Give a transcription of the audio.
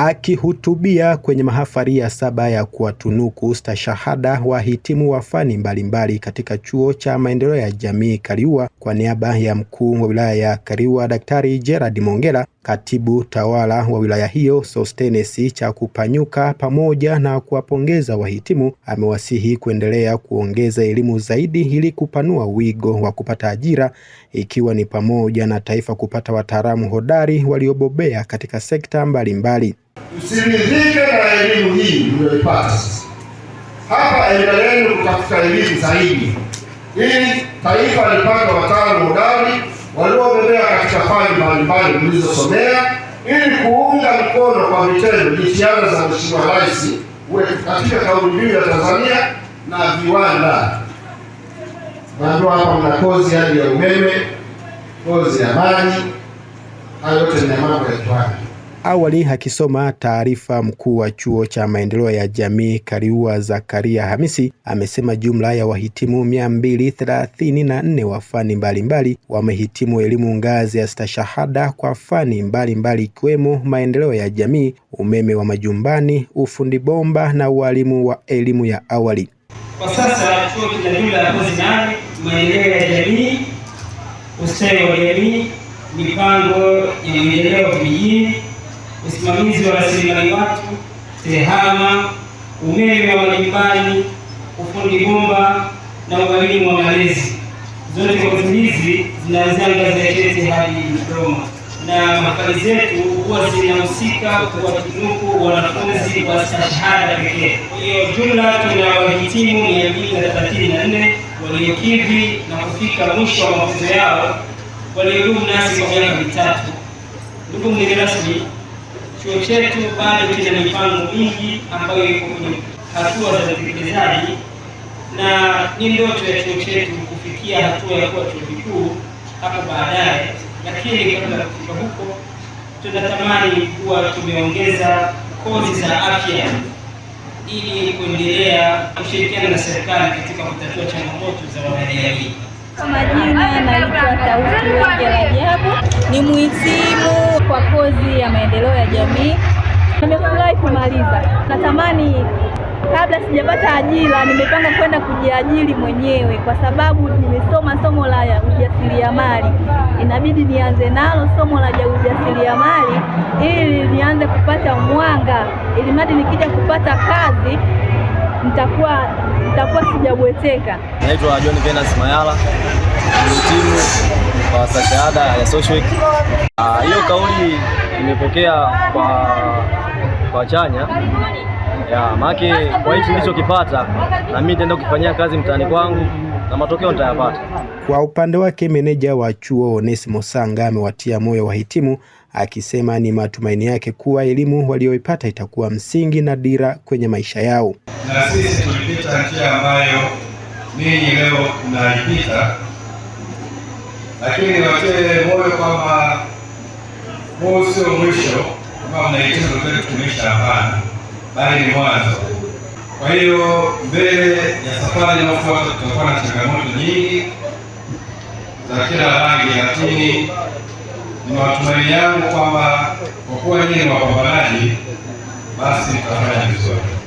Akihutubia kwenye mahafali ya saba ya kuwatunuku stashahada wahitimu wa fani mbalimbali katika Chuo cha Maendeleo ya Jamii Kaliua, kwa niaba ya mkuu wa wilaya ya Kaliua Daktari Gerard Mongela, katibu tawala wa wilaya hiyo Sostenes cha Kupanyuka, pamoja na kuwapongeza wahitimu, amewasihi kuendelea kuongeza elimu zaidi ili kupanua wigo wa kupata ajira, ikiwa ni pamoja na taifa kupata wataalamu hodari waliobobea katika sekta mbalimbali mbali. Msiridhike na elimu hii mliyoipata Hapa endeleeni kutafuta elimu zaidi, ili taifa lipate wataalamu hodari waliobobea katika fani mbalimbali mlizosomea, ili kuunga mkono kwa vitendo jitihada za Mheshimiwa Rais katika kauli mbiu ya Tanzania na viwanda. Najua hapa mna kozi hadi ya umeme, kozi ya maji, hayo yote ni mambo ya kiwanda. Awali akisoma taarifa, mkuu wa chuo cha maendeleo ya jamii kariua Zakaria Hamisi amesema jumla ya wahitimu mia mbili thelathini na nne wa fani mbalimbali wamehitimu elimu ngazi ya stashahada kwa fani mbalimbali ikiwemo mbali maendeleo ya jamii, umeme wa majumbani, ufundi bomba na ualimu wa elimu ya awali. Kwa sasa chuo kina jumla ya kozi nane: maendeleo ya jamii, ustawi wa jamii, mipango ya maendeleo usimamizi wa rasilimali watu, tehama, umeme wa majumbani, ufundi bomba na ualimu wa malezi. Zote kozi hizi zinaanzia ngazi ya cheti hadi diploma, na makali zetu huwa zinahusika kuwatunuku wanafunzi wa stashahada pekee. Kwa hiyo jumla tuna wahitimu mia mbili na thelathini na nne waliokidhi na kufika mwisho wa mafunzo yao waliodumu nasi kwa miaka mitatu. Ndugu mgeni rasmi Chuo chetu bado kina mipango mingi ambayo iko kwenye hatua za utekelezaji, na ni ndoto ya chuo chetu kufikia hatua ya kuwa chuo kikuu hapo baadaye, lakini kabla ya kufika huko, tunatamani kuwa tumeongeza kozi za afya ili kuendelea kushirikiana na serikali katika kutatua changamoto za wanajamii. Majina naitwa Tauti Rajabu, ni mhitimu kwa kozi ya maendeleo ya jamii. Nimefurahi kumaliza. Natamani kabla sijapata ajira, nimepanga kwenda kujiajiri mwenyewe, kwa sababu nimesoma somo la ujasiriamali, inabidi nianze nalo somo la ujasiriamali ili nianze kupata mwanga, ili madi nikija kupata kazi nitakuwa nitakuwa sijabweteka. Naitwa John Venus Mayala, timu za shahada ya social work. Ah, hiyo kauli imepokea kwa kwa chanya ya maki, kwa hichi nilichokipata na mimi nitaenda kukifanyia kazi mtaani kwangu na matokeo nitayapata. Kwa upande wake meneja wa chuo Onesimo Sanga amewatia moyo wahitimu akisema ni matumaini yake kuwa elimu walioipata itakuwa msingi na dira kwenye maisha yao. Na sisi tulipita njia ambayo ninyi leo mnaipita lakini niwatie moyo kwamba huu sio mwisho, kama mnahitimu ndio kutumisha, hapana, bali ni mwanzo. Kwa hiyo mbele ya safari inayofuata tutakuwa na changamoto nyingi za kila rangi, lakini ni matumaini yangu kwamba kwa kuwa nyinyi ni wapambanaji, basi mtafanya vizuri.